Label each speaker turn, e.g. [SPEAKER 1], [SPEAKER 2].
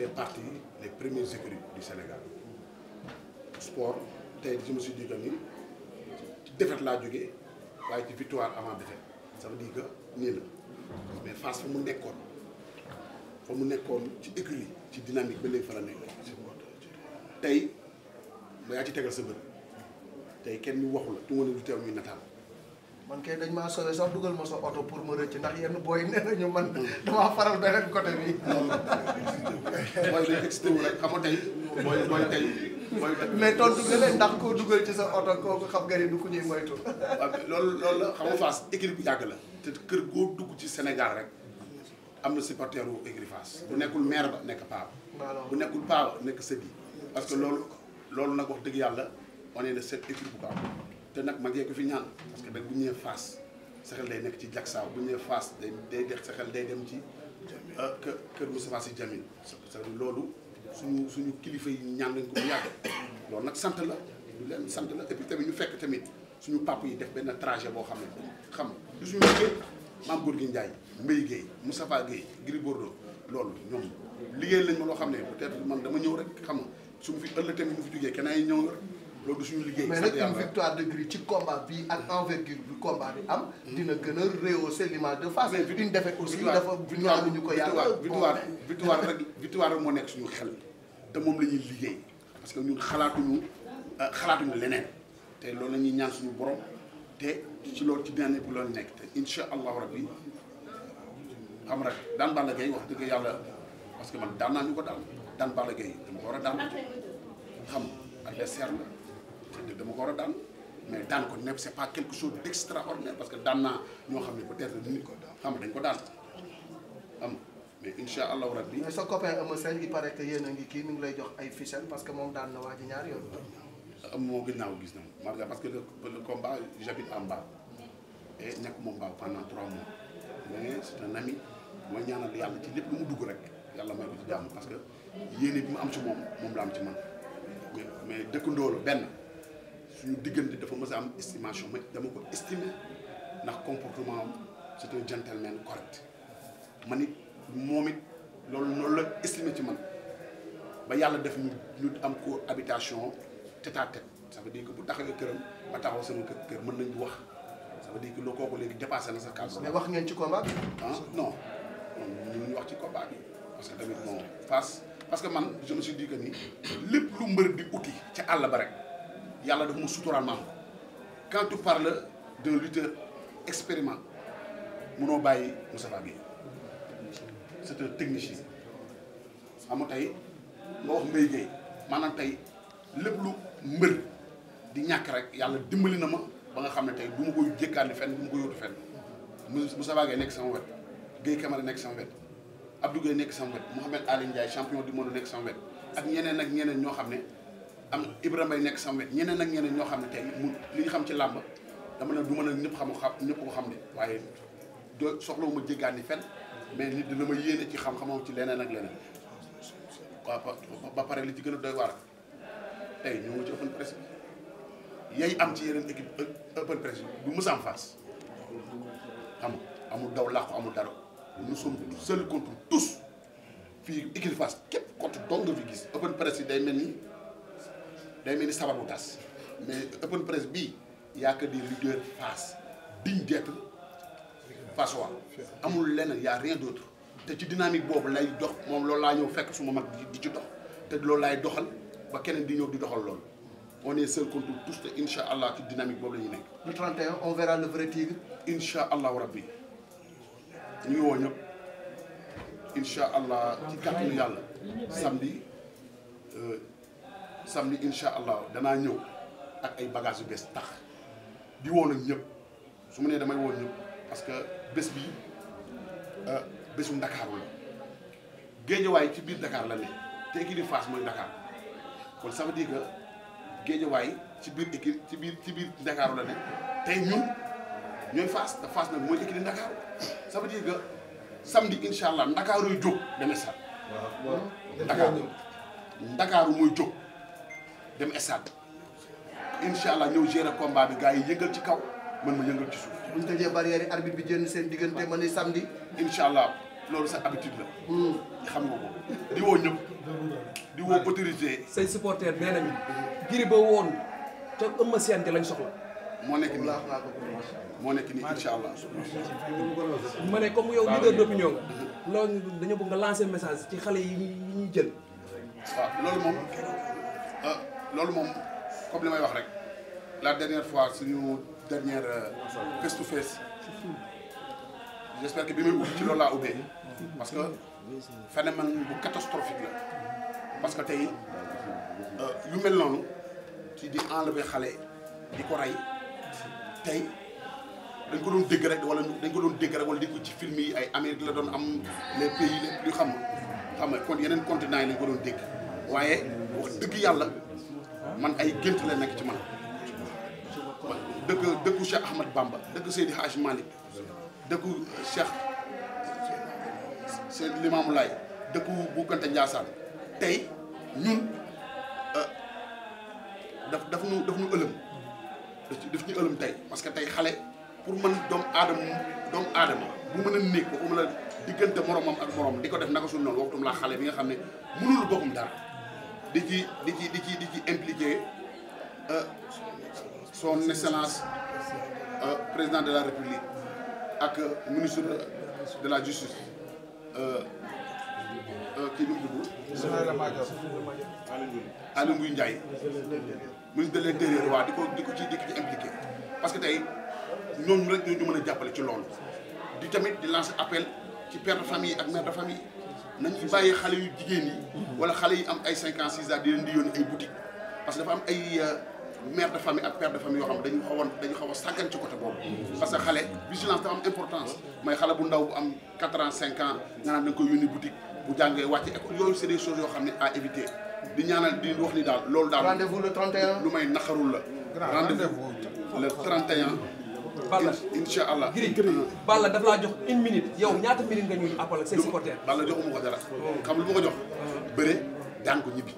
[SPEAKER 1] fait partie des premières écuries du Sénégal sport tey je me suis dit que ni ci laa jógee waaye ci victoire avant défaite ça veut dire que nii la mais face fa mu nekkoon fa mu nekkoon ci écurie ci dynamique ba léegi fa la nekk tey ba ci tegal sa bët tey kenn ñu waxu la tu ma ne teew ñuy nataal man kay dañ maa sauvé sax dugal ma sa oto pour ma rëcc ndax yenn booy nee nañu man damaa faral beneen côté bi. mooy day excité xam nga mais tontu nga ndax koo dugal ci sa oto kooku xam nga ni du ku ñuy moytu. waaw loolu loolu la xam nga Fass équipe bu yàgg la. te kër goo dugg ci Sénégal rek am na supporter wu bu nekkul maire ba nekk paa bu nekkul paa ba nekk sëb yi. parce que loolu loolu nag wax dëgg yàlla on est le seul bu ko te nag mag yee ko fi ñaan parce que dañ bu ñëwee Fass sa xel day nekk ci jagsaaw bu ñëwee Fass day day def sa xel day dem ci ah, kë kër Moustapha Sy Djamil cest à loolu su suñu kilifa yi ñaan nañ ko bu yàgg loolu nag sant la lu leen sant la et puis tamit ñu fekk tamit suñu papa yi def benn trajet boo xam ne xam du suñu liggéey maam Gorgui Ndiaye Mbaye Guèye Moustapha Guèye Gris Bordeaux loolu ñoom liggéey lañ ma loo xam ne peut-être man dama ñëw rek xam nga su mu fi ëllëg tamit mu fi ñëw loolu suñu liggéey. mais nag une victoire de Gris ci combat bi ak envergure bi combat bi am. Hmm. dina gën a rehausser l'image de Fass. mais une défaite aussi dafa ñu ko yàlla. victoire victoire rek victoire rek moo nekk suñu xel te moom la ñuy liggéey parce que ñun xalaatuñu euh, xalaatuñu leneen te loolu la ñuy ñaan suñu borom te ci loolu ci benn bu loolu nekk te incha allahu rabbi xam rek daan Balla Gaye wax dëgg yàlla parce que man daan naa ñu ko daal daan Balla Gaye dama ko war a daan xam adversaire la. c'est-à-dire dama ko war a daan mais daan ko nepp c'est pas quelque chose d'extraordinaire parce que daan naa ñoo xam ne peut-être nit ko xam nga dañ ko daan am mais incha war rabbi. mais sa copain Eumeu Sène il paraît que yéen a ngi kii mi ngi lay jox ay ficelles parce que moom daan na waa ji ñaar am moo ginnaaw gis ma parce que le le combat nekk moom baaw pendant trois mois mais c'est un ami mooy ñaanal yàlla ci lépp lu mu dugg rek yàlla may ko ci jàmm parce que yéene bi mu am ci moom moom la am ci man mais dëkkandoo la suñu diggante dafa mës a am estimation ma dama ko estimer ndax comportement am c'est un gentleman correct man it moom it loolu noonu la estimer ci man ba yàlla def ñu am ko habitation tête à tête ça veut dire que bu taxawee këram ba taxaw sama kër kër mën nañ bu wax ça veut dire que loo kooku léegi dépassé na sa cadre. mais wax ngeen ci combat ma ah non ñu wax ci combat parce que tamit moom face parce que man je me suis dit ni lépp lu mbër di uti ca àll ba rek. yàlla daf mu suturaal maam quand tu parles d'un lutteur expériment munoo bàyyi Moustapha Guèye c'est un technicien xam nga tey nga wax Mbaye Guèye maanaam tey lépp lu mbër di ñàkk rek yàlla dimbali na ma ba nga xam ne tey du ma koy jékkaani fenn du ma ko yóotu fenn Moustapha Guèye nekk sama wet Guèye Camara nekk sama wet Abdou Guèye nekk sama wet Mouhamed Ali Ndiaye champion du monde nekk sama wet ak ñeneen ak ñeneen ñoo xam ne am Ibrahima Mbaye nekk sama ñeneen ak ñeneen ñoo xam ne tey mu li ñu xam ci làmb dama ne du mën a ñëpp xam xam ñëpp ko xam ne waaye doo soxlawu ma jéggaani fenn mais nit dina ma yéene ci xam ci leneen ak leneen waaw ba pare li ci gën a doy waar tey ñoo ngi ci open press bi yay am ci yeneen équipe open press du mës am face amul daw làqu amul dara nous sommes seuls contre tous fii équipe face képp contre dong nga fi gis open press yi day mel ni day mel ni sabar bu tas mais open presse bii y a que des leaders face digne d'être façon amul lenn y rien d'autre te ci dynamique boobu lay dox moom loolu laa ñëw fekk suma mag di ci dox te loolu laay doxal ba keneen di ñëw di doxal loolu on est seul contre tous te incha allah ci dynamique boobu la nekk. le 31 on verra le vrai tigre. incha allahu rabbi ñu ngi woo ñëpp incha allah ci kàttanu yàlla samedi. Euh, samedi incha allah danaa ñëw ak ay bagages yu bees tax di woon ak ñëpp su ma nee damay woon ñëpp parce que bés bi euh, bésu ndakaaru la géejawaay ci biir Dakar la ne te équipe de ci biir équipe ci biir ci biir Dakar la tey ñun ñooy Fass te Fass nag mooy équipe de Dakar ça veut allah ndakaaru yu jóg dana sat ndakaaru ndakaaru mooy jóg. dem stade incha allah ñëw gérer combat bi gars yi yëngal ci kaw man ma yëngal ci suuf. bu ñu tëjee barrière yi bi jën seen diggante man ni samedi. incha allah loolu sa habitude la. Hmm. xam nga ko di woo ñëpp. di woo autorité. say supporters nee nañu. Gris ba woon te Eumeu Sène lañ soxla. moo nekk nii moo nekk nii ma ne comme yow leader d'opinion nga. loolu dañoo bëgg nga lancer message ci xale yi ñuy jël. loolu moom. Euh, loolu moom comme li may wax rek la dernière fois suñu dernière euh, face to face que bi muy ubbi ci loolu laa ubbee parce que phénomène bu catastrophique la parce que tey euh, yu mel noonu ci di enlever xale di ko rey tey dañ ko doon dégg rek wala dañ ko doon dégg rek wala di ko ci film yi ay Amérique la doon am les pays les xam xam nga yeneen continent yi lañ ko doon dégg waaye wax dëgg yàlla man ay gént la nekk ci man dëkk dëkku Cheikh Ahmad Bamba dëkk Seydi Hadj Malick dëkku Cheikh Seydi Limamou Laye dëkku bu Kante tey ñun euh, daf daf ñu daf ñu ëlëm daf ñu ëlëm tey parce que tey xale pour mën doomu aadama doomu aadama bu mën a néeg ba ko mën a diggante moromam ak morom di ko def naka suñu noonu waxtum xale bi nga xam ne mënul boppam dara di ci di ci di ci di ci impliqué euh, son excellence euh, président de la république ak ministre de la justice euh, kii nu mu tudd. Aly Ngouille Ndiaye di ci di ko ci impliqué parce que tey ñooñu rek ñoo ñu mën a jàppale ci loolu di tamit di lancer appel ci père de famille ak mère famille. nañuy bàyyi xale yu jigéen yi. wala xale yi am ay cinq six ans di leen di yónni ay boutique parce que dafa am ay euh, mère de famille ak père de famille yoo xam dañu xaw a dañu xaw a sàggan ci côté boobu. parce que xale vigilance dafa am importance. mooy xale bu ndaw bu am quatre ans cinq ans nga naan da koy yónni boutique bu jàngee wàcc école yooyu c'est des yoo xam ne à éviter. di ñaanal di wax ni daal loolu daal. rendez-vous le 31 lu may naxarul la. rendez-vous le Balla incha allah Gris Balla daf laa jox une minute yow ñaata minute nga ñuy appal ak say supporters Balla joxuma ko dara oh. xam lu ma ko jox oh. bëre daan ko ñibbi